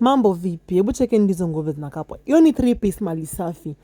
Mambo vipi? Hebu chekeni ndizo nguvu zinakaa Hiyo ni three piece mali safi.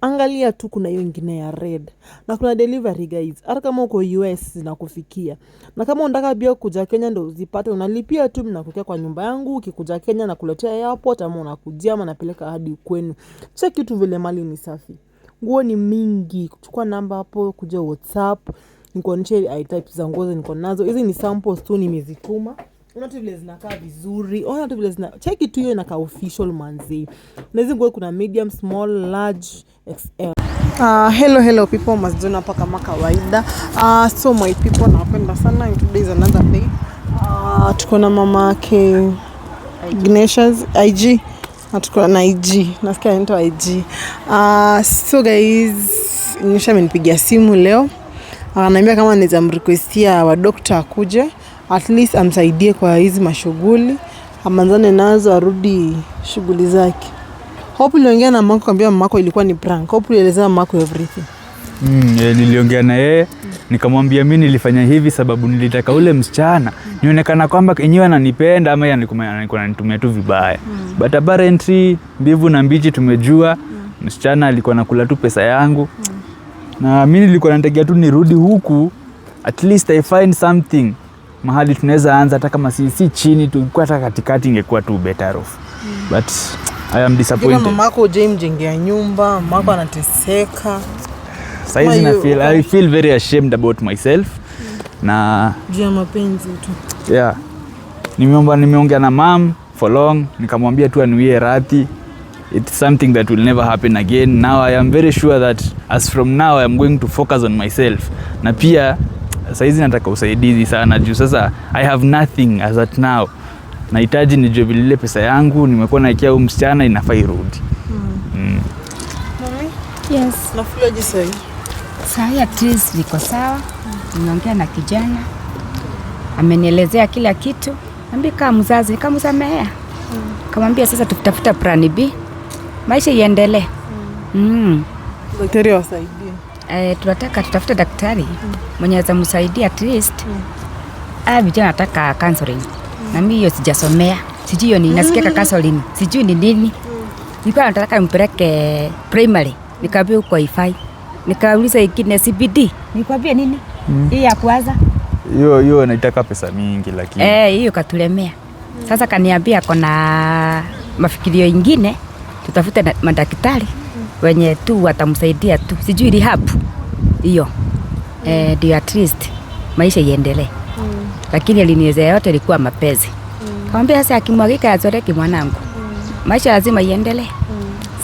Angalia tu kuna hiyo ingine ya red na kuna delivery guys. Hata kama uko US zinakufikia, na kama unataka pia kuja Kenya ndo uzipate, unalipia tu, mnakukia kwa nyumba yangu. Ukikuja Kenya na kuletea airport, ama unakujia ama napeleka hadi kwenu. Cheki tu vile mali ni safi. Nguo ni mingi, kuchukua namba hapo, kuja WhatsApp nikuonyeshe i type za nguo niko nazo. Hizi ni samples tu nimezituma unaona tu vile zinakaa vizuri, ona tu vile zina cheki tu hiyo inakaa official manzi. Na hizi nguo kuna medium, small, large, XL. Uh, ah, hello hello people masdona hapa kama kawaida. Uh, so my people nawapenda sana and today is another day. Uh, tuko na mama yake Ignatius IG na tuko na IG. Nasikia anaitwa IG. Uh, so guys, Ignatius amenipigia simu leo. Ananiambia uh, kama nizamrequestia wadokta akuje at least amsaidie kwa hizi mashughuli, amanzane nazo, arudi shughuli zake. Hope uliongea na mamako, kambia mamako ilikuwa ni prank. Hope ulielezea mamako everything. Mm, eh, niliongea na yeye nikamwambia mimi nilifanya hivi sababu nilitaka ule msichana nionekana kwamba enyewe ananipenda ama ananitumia tu vibaya. Mm. But apparently mbivu na mbichi tumejua mm. Msichana alikuwa nakula tu pesa yangu mm. Na mimi nilikuwa nategea tu nirudi huku at least I find something mahali tunaweza anza hata kama si, si chini tulikuwa hata katikati, ingekuwa tu better off mm. But I am disappointed. Mama yako hujai mjengea nyumba, mama yako mm. anateseka saizi na feel, I feel very ashamed about myself mm. na juu ya mapenzi tu yeah. Nimeomba, nimeongea na mom for long, nikamwambia tu anuie radhi It's something that will never happen again. Now I am very sure that as from now I am going to focus on myself. Na pia saizi nataka usaidizi sana juu sasa I have nothing as at now. Nahitaji nijue vilile pesa yangu nimekuwa naekea huyu msichana inafaa irudi. Mm. at least niko sawa. Nimeongea na kijana amenielezea kila kitu, ambi kaa mzazi mm. kamwambia sasa tutafuta plan B, maisha iendelee. Mm. mm eh, tunataka tutafute daktari mwenye mm. mwenye at least mm. ah, vijana nataka counseling mm. na mimi hiyo sijasomea, sijui hiyo ni mm. nasikia ka counseling sijui ni nini mm. nilikuwa nataka nimpeleke primary, nikaambia uko ifai, nikauliza ikine CBD, nikwambia nini mm. hii ya kwanza hiyo hiyo inaitaka pesa mingi, lakini eh hiyo katulemea mm. sasa. Kaniambia kona mafikirio ingine, tutafute madaktari wenye tu watamsaidia tu, sijui rehab hiyo mm. eh, ndio at least maisha iendelee. Mm. Lakini aliniweza yote ilikuwa mapenzi. Mm. Kaambia sasa akimwagika azoreki mwanangu. Maisha lazima iendelee.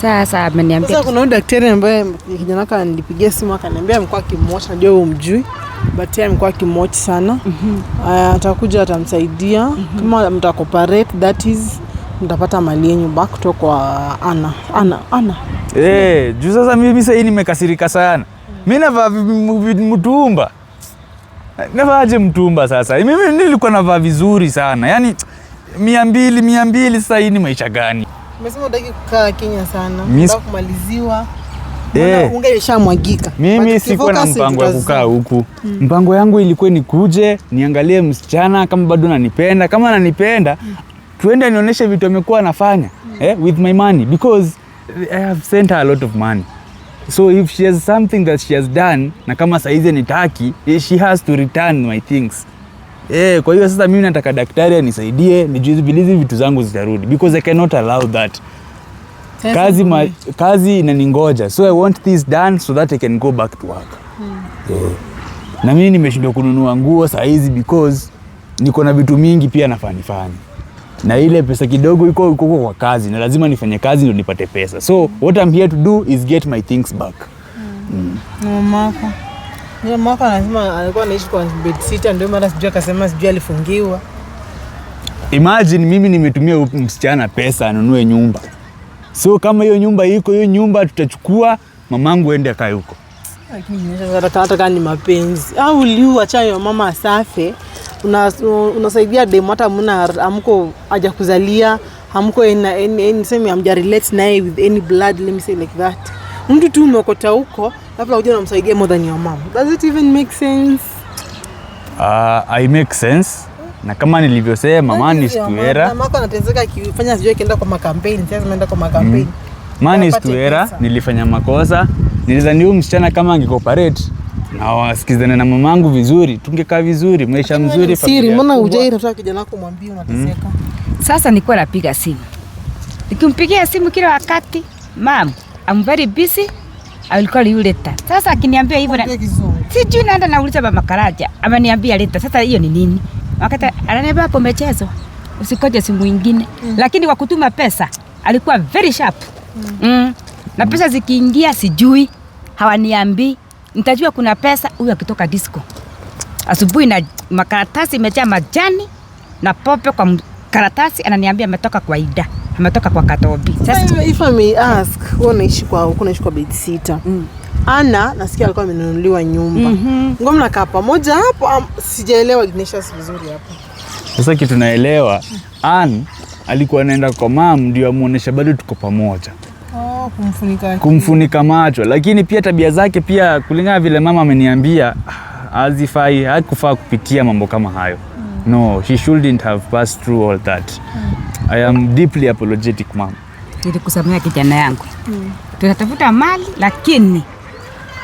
Sasa ameniambia kuna daktari ambaye kijana wake alinipigia simu akaniambia amekuwa akimwatch, najua wewe umjui but yeye amekuwa akimwatch sana. Mm -hmm. Uh, atakuja atamsaidia. Mm -hmm. Kama mtakoperate that is mtapata mali yenyu back kutoka kwa Ana. Ana, Ana. Eh, hey, juu sasa mimi sasa hii nimekasirika sana. Mimi navaa mtumba. Navaaje mtumba sasa? Mimi nilikuwa navaa vizuri sana. yani mia mbili mia mbili sasa hii ni maisha gani? Umesema unataka kukaa Kenya sana. Unataka kumaliziwa. Eh, ungeshamwagika. Mimi sikuwa na mpango wa kukaa huku. Hmm. Mpango yangu ilikuwa nikuje, niangalie msichana kama bado ananipenda, kama ananipenda tuende nionyeshe vitu amekuwa anafanya mm. eh, with my money because I have sent her a lot of money so if she has something that she has done na kama saizi nitaki eh, she has to return my things eh, kwa hiyo sasa mimi nataka daktari anisaidie nijubilizi vitu zangu zitarudi because I cannot allow that kazi, ma, kazi inaningoja so I want this done so that I can go back to work mm. eh. na mimi nimeshindwa kununua nguo saizi because niko na vitu mingi pia nafanifani na ile pesa kidogo iko iko kwa kazi, na lazima nifanye kazi ndio nipate pesa. So what I'm here to do is get my things back. Mm. Mm. Mamako mamako anasema alikuwa anaishi kwa bed sita, ndio maana sijui akasema sijui alifungiwa. Imagine mimi nimetumia msichana pesa anunue nyumba, so kama hiyo nyumba iko hiyo nyumba tutachukua mamangu ende akae huko, lakini hata kani mapenzi au liuachayo mama asafe unasaidia una demu hata mna amko aja kuzalia amko amja relate naye with any blood let me say like that mtu tu umeokota huko labda uja unamsaidia more than your mom does it even make sense uh, i make sense na kama nilivyosema money is to era mama anatezeka akifanya sijui akienda kwa makampeni sasa ameenda kwa makampeni mm. money is to nilifanya makosa nilizani huyu msichana kama angekooperate na wasikizane na mamangu vizuri, tungekaa vizuri, maisha mzuri. Siri mbona hujaira hata kijana wako mwambie, unateseka. Mm. Sasa nilikuwa napiga simu nikimpigia simu kila wakati, mam I'm very busy I will call you later. Sasa akiniambia hivyo na sijui naenda nauliza baba Karaja, ama niambia later. Sasa hiyo ni nini? Wakati ananiambia hapo mchezo usikoje simu nyingine, mm. lakini kwa kutuma pesa alikuwa very sharp mm. Mm. na pesa zikiingia sijui hawaniambii nitajua kuna pesa. Huyu akitoka disco asubuhi na makaratasi imejaa majani na pope kwa karatasi, ananiambia ametoka kwa Ida, ametoka kwa Katobi. Sasa if I may ask, wewe unaishi kwa huko, unaishi kwa bedsitter mm. Ana nasikia alikuwa amenunuliwa nyumba mm -hmm. Mnakaa pamoja hapo um, sijaelewa Ignatius vizuri hapo. Sasa kitu naelewa Ann alikuwa anaenda kwa mam ndio amuonesha bado tuko pamoja kumfunika, kumfunika macho, lakini pia tabia zake pia kulingana vile mama ameniambia azifai hakufaa kupitia mambo kama hayo mm. No, she shouldn't have passed through all that mm. I am deeply apologetic mama, ilikusamea kijana yangu mm. Tunatafuta mali lakini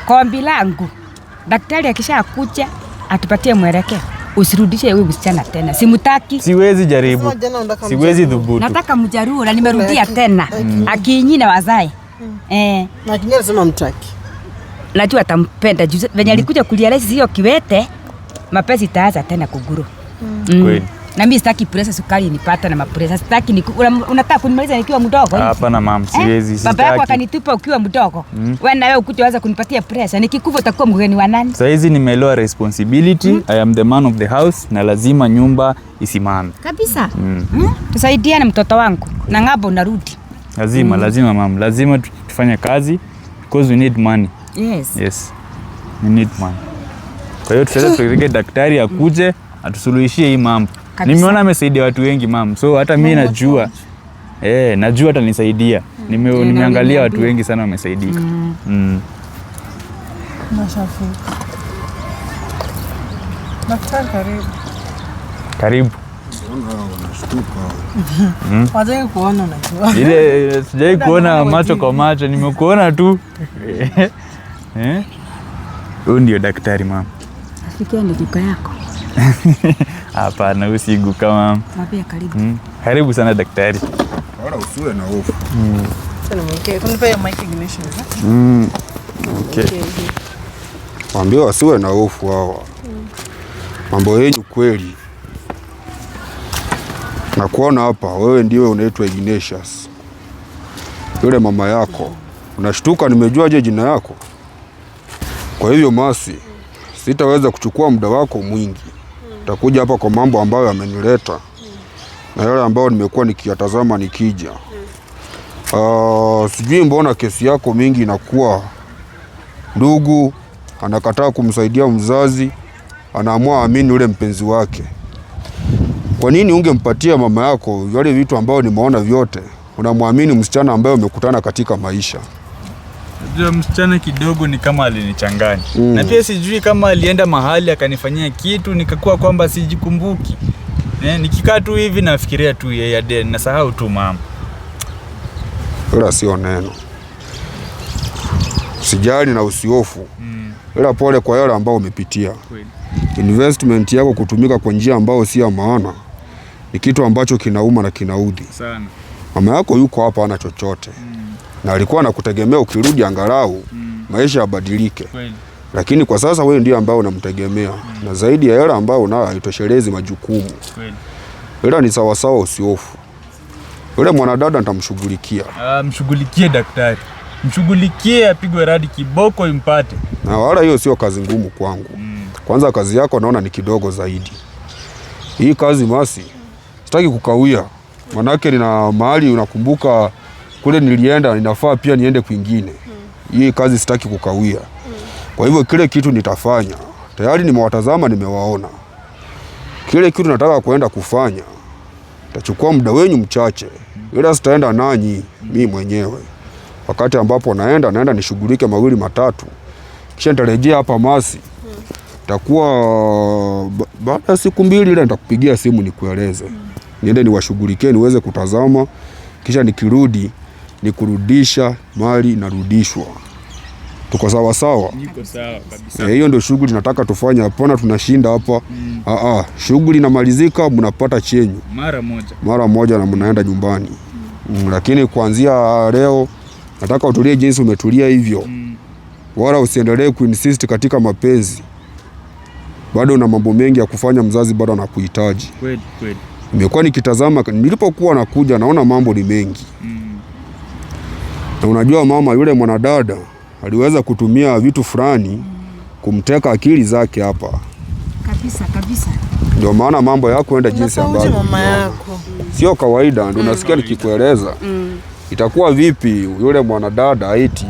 kombi langu daktari akishakuja atupatie mwelekeo Usirudishe huyu msichana tena, simutaki. Siwezi jaribu, siwezi dhubutu. Nataka mjaruo na nimerudia tena mm. akiinyina wazae mm. eh. Lakini mtaki, najua atampenda venye alikuja kulia lesi hiyo kiwete mapesi itaanza tena kuguru mm. mm na mimi sitaki presa sukari nipata na mapresa sitaki ni, unataka kunimaliza nikiwa mdogo? Hapana mama, eh? siwezi eh. Baba yako akanitupa ukiwa mdogo mm. Wewe na wewe ukuje waza kunipatia presa, nikikufa utakuwa mgeni wa nani? Sasa hizi nimeelewa responsibility mm. I am the man of the house na lazima nyumba isimame kabisa mm. mm. na mtoto wangu na ngapo narudi lazima mm. Lazima mama, lazima tufanye kazi because we need money. Yes. Yes. We need money. Kwa hiyo tutaweza tuelekee daktari akuje atusuluhishie hii mambo nimeona amesaidia watu wengi mam, so hata mi najua eh, najua mm. Nimeangalia Nime, nimeangalia watu wengi sana wamesaidika mm. mm. Karibu, mm. Mm. Ile sijai kuona macho kwa macho, nimekuona tu eh? huyu Ndio daktari mama, afikia ni duka yako Hapana, usigu kama ya karibu. Mm. Karibu sana daktari. Wala usiwe na hofu. Mm. Okay. Mm. Okay. Okay. Mwambie wasiwe na hofu hawa. Mambo yenyu kweli. Nakuona hapa wewe ndiwe unaitwa Ignatius. Yule mama yako. Unashtuka nimejuaje jina yako? Kwa hivyo masi sitaweza kuchukua muda wako mwingi takuja hapa kwa mambo ambayo yamenileta na yale ambayo nimekuwa nikiyatazama nikija. Uh, sijui mbona kesi yako mingi inakuwa ndugu anakataa kumsaidia mzazi, anaamua amini yule mpenzi wake. Kwa nini ungempatia mama yako yale vitu ambayo nimeona vyote? Unamwamini msichana ambaye umekutana katika maisha msichana kidogo ni kama alinichanganya mm. na pia sijui kama alienda mahali akanifanyia kitu nikakuwa kwamba sijikumbuki Eh, nikikaa tu hivi nafikiria tu yeye ade nasahau tu mama. Ila sio neno, sijali na usiofu mm. ila pole kwa yale ambao umepitia. Investment yako kutumika kwa njia ambayo si ya maana ni kitu ambacho kinauma na kinaudhi sana. Mama yako yuko hapa, ana chochote mm na alikuwa anakutegemea ukirudi angalau mm. maisha yabadilike kweli. Lakini kwa sasa wewe ndio ambao unamtegemea mm. na zaidi ya hela ambayo unayo haitoshelezi majukumu. Hela ni sawasawa usiofu. Yule mwanadada nitamshughulikia. Ah, mshughulikie daktari, mshughulikie apigwe radi kiboko impate, na wala hiyo sio kazi ngumu kwangu mm. Kwanza kazi yako naona ni kidogo zaidi. Hii kazi masi sitaki kukawia, manake nina mahali unakumbuka kule nilienda, ninafaa pia niende kwingine. Hii kazi sitaki kukawia, kwa hivyo kile kitu nitafanya. Tayari nimewatazama, nimewaona. Kile kitu nataka kuenda kufanya tachukua muda wenyu mchache, ila sitaenda nanyi mi mwenyewe. Wakati ambapo naenda naenda nishughulike mawili matatu, kisha nitarejea hapa Masi. Takuwa baada ya siku mbili ile nitakupigia simu nikueleze, niende niwashughulikie niweze kutazama, kisha nikirudi ni kurudisha mali inarudishwa. Tuko sawa sawa, eh, hiyo ndio shughuli nataka tufanye. Hapana, tunashinda hapa mm. Ah, ah, shughuli inamalizika, mnapata chenyu mara moja, mara moja na mnaenda nyumbani mm. Mm, lakini kuanzia leo nataka utulie jinsi umetulia hivyo mm. Wala usiendelee kuinsist katika mapenzi, bado na mambo mengi ya kufanya, mzazi bado anakuhitaji. Kweli kweli, nimekuwa nikitazama nilipokuwa nakuja, naona mambo ni mengi mm. Na unajua mama, yule mwanadada aliweza kutumia vitu fulani kumteka akili zake hapa kabisa kabisa. Ndio maana mambo yako jinsi ambavyo mama yako sio kawaida, ndio unasikia mm. nikikueleza mm. Itakuwa vipi yule mwanadada aiti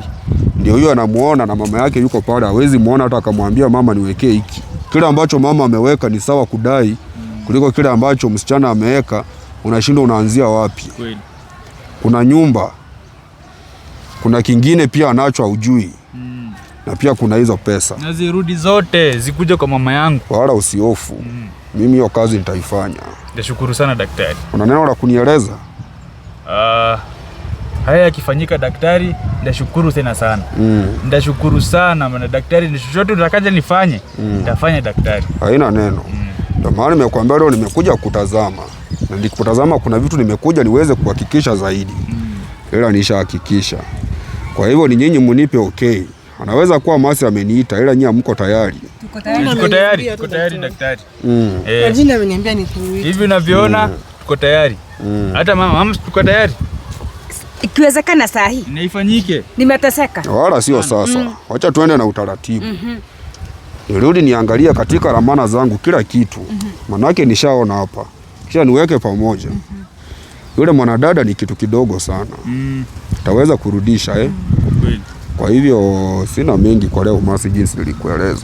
ndio huyo anamuona na mama yake yuko pale, hawezi muona hata akamwambia mama, niwekee hiki. Kile ambacho mama ameweka ni sawa kudai kuliko kile ambacho msichana ameweka. Unashindwa unaanzia wapi? Kuna nyumba kuna kingine pia wanacho haujui mm. na pia kuna hizo pesa na zirudi zote zikuja kwa mama yangu, wala usiofu mm. mimi hiyo kazi nitaifanya. Nashukuru sana daktari. Una neno la kunieleza? Uh, haya yakifanyika daktari, ndashukuru tena sana mm. ndashukuru sana maana daktari, ni chochote utakaja nifanye mm. nitafanya daktari, haina neno hmm. ndio mm. maana nimekuambia leo nimekuja kutazama na nikutazama, kuna vitu nimekuja niweze kuhakikisha zaidi mm. ila nishahakikisha kwa hivyo ni nyinyi mnipe okay. Anaweza kuwa Masi ameniita ila nyinyi mko tayari. Tuko tayari. Tuko tayari. tayari daktari. Mm. Eh. Majina ameniambia nikuite. Hivi unavyoona mm. Tuko tayari. Mm. Hata mama, mama tuko tayari. Ikiwezekana saa hii. Naifanyike. Nimeteseka. Wala sio sasa. Mm. Wacha tuende na utaratibu. Mhm. Mm Nirudi niangalia katika ramana zangu kila kitu. Mm -hmm. Manake nishaona hapa. Kisha niweke pamoja. Mm -hmm yule mwanadada ni kitu kidogo sana mm. taweza kurudisha eh? mm. Kwa hivyo sina mengi kwa leo Masi, jinsi nilikueleza,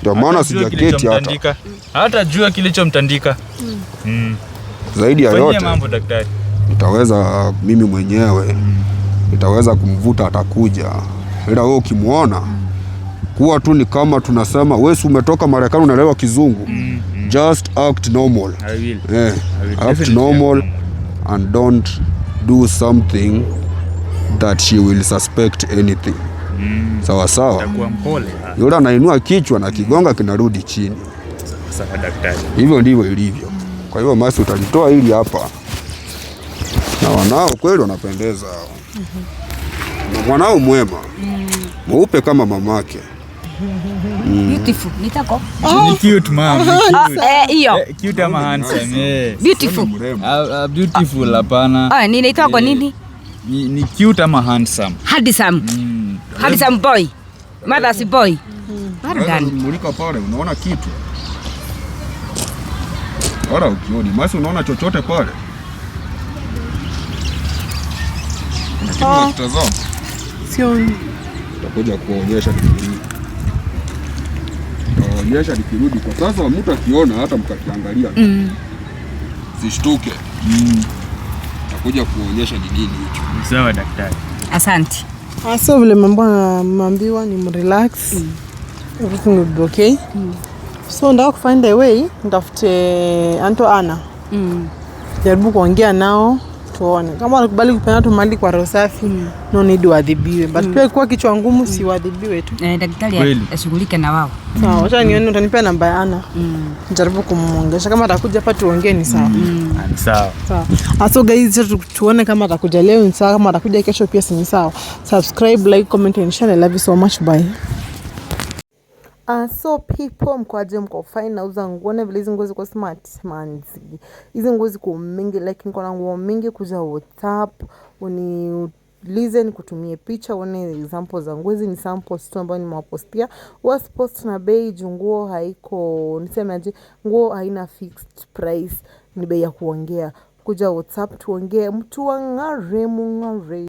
ndio maana sijaketi hata hata jua kilichomtandika mm. mm. zaidi ya yote nitaweza uh, mimi mwenyewe mm. nitaweza kumvuta atakuja, ila wewe ukimwona mm. kuwa tu ni kama tunasema, wewe umetoka Marekani unaelewa kizungu mm. Just act normal. I will. Yeah. I will act normal, and don't do something that she will suspect anything. Mm. Sawa sawa. Yule anainua kichwa na kigonga kinarudi chini. daktari. Hivyo ndivyo ilivyo. Kwa hivyo masi utalitoa hili hapa na wanao kweli wanapendeza Mm -hmm. Na mwanao mwema mm. mweupe muupe kama mamake Beautiful. hapana. Ah, ni kwa eh, nini? Ni, ni cute ama handsome. Handsome. Mm, handsome boy. Mother's boy. Mulika mm. pale unaona kitu. Ora ukioni, unaona chochote pale. Oh. Tazama. Sio. kuonyesha kitu kuonyesha nikirudi. kwa sasa, mtu akiona hata mkakiangalia mm. zishtuke mm. takuja kuonyesha ni nini hicho. Sawa daktari, asante. Ah, Sio vile mambo mambiwa ni mrelax mm. everything will be okay mm. so ndao kufind a way, ndafute Anto Ana mm. jaribu kuongea nao tuone kama wanakubali kupeana watu mali kwa roho safi mm. no need waadhibiwe but mm. pia kuwa kichwa ngumu hmm. si waadhibiwe tu eh, daktari ashughulike na wao sawa mm. acha so, nione utanipea namba yana Ana mm. nijaribu kumwongesha kama atakuja hapa tuongee ni sawa mm. sawa ah, so guys sasa tuone kama atakuja leo ni sawa kama atakuja kesho pia si ni sawa subscribe like comment and share i love you so much bye Ah, so people mkwaje mko fine nauza nguo na vile hizi nguo ziko smart manzi. Hizi nguo ziko mingi like niko na nguo mingi kuja WhatsApp, uniulize kutumie picha uone example za nguo. Hizi ni samples tu ambayo nimewapostia. Was post na bei juu nguo haiko niseme aje, nguo haina fixed price, ni bei ya kuongea. Kuja WhatsApp tuongee, mtu ng'are mung'are.